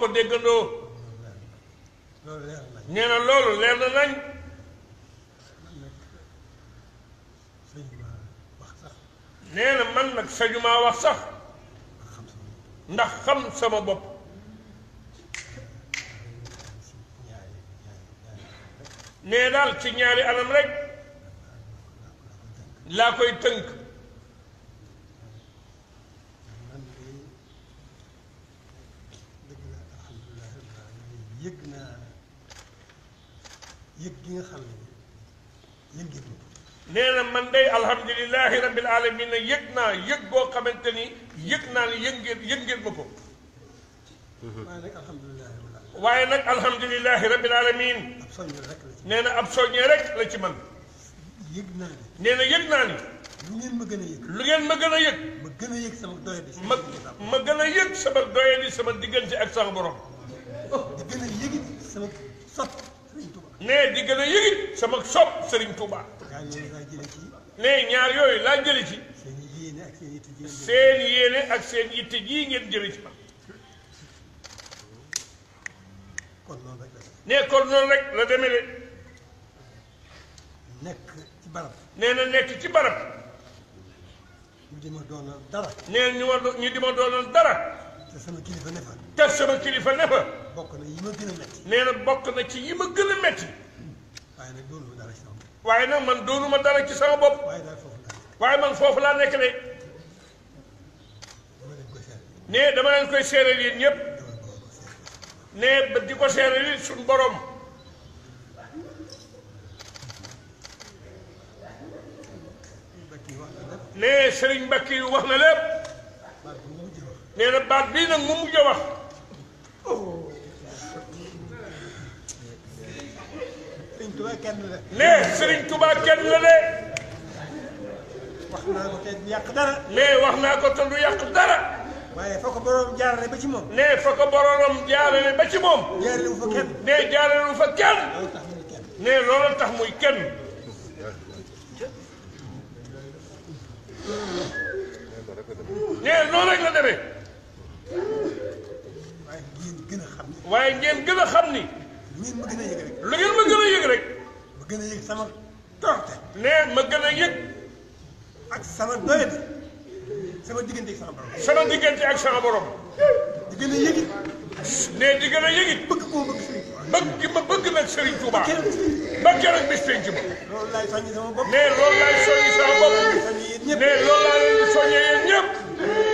ko déggandoo nee na loolu leer na nañ nee na man nag sajumaa wax sax ndax xam sama bopp nee daal ci ñaari anam rek laa koy tënk yëg naa yëg gi nga xam ne yëg gi nee na man day alhamdulilahi rabbil alamin yëg naa yëg boo xamante ni yëg naa ne yëg ngeen yëg ngeen ma ko waaye nag alhamdulilahi waaye nag alhamdulilahi rabbil alamin ab soññee rek la ci nee na ab soññee rek la ci man yëg naa ni nee na yëg naa ni lu ngeen ma gën a yëg lu ngeen ma gën a yëg ma gën a yëg sama doyadi ma ma gën a yëg sama doyadi sama diggante ak sama borom oh, sopp nee di gën sama sopp Serigne Touba. nee ñaar yooyu laa jëlee ci. seen yéene seen yitte jii ngeen jëlee ci ma. nee kon noonu rek la demee de. nekk ci barab. nee na nekk ci barab. ñu di ñu di ma doonal dara. te sama kilifa ne kilifa ne fa. bokk na yi ma gën a nee na bokk na ci yi ma gën a métti. waaye nag doonuma dara ci sama bopp. waaye nag dara ci sama bopp. waaye foofu laa nekk. waaye man foofu laa nekk de. nee dama leen koy seeral yéen ñëpp. nee ba di ko seeral yi suñu borom. nee Serigne Mbacke wax na lépp. nee na baat bii nag mu a wax nee Serigne Touba kenn la de. wax naa ko te du yàq dara. nee wax naa ko te du yàq dara. waaye fa ko borom jaarale ba nee fa ko borom jaarale ba ci moom. nee jaarale wu fa nee loolu tax muy kenn. waaye ngeen gën a xam ni. lu ngeen ma gën a yëg rek. lu ngeen ma gën a yëg rek. ma gën a yëg sama torte. nee ma gën a yëg. ak sama doyati. sama diggante ak sama borom. sama diggante ak sama borom. di gën a yëg it. nee di gën a yëg it. bëgg koo bëgg Serigne Touba. bëgg gi ma bëgg nag Serigne Touba. ba keroog bis penc ma. loolu laay soññi sama bopp. nee loolu laay soññi sama bopp. nee loolu laay soññee yéen ñëpp.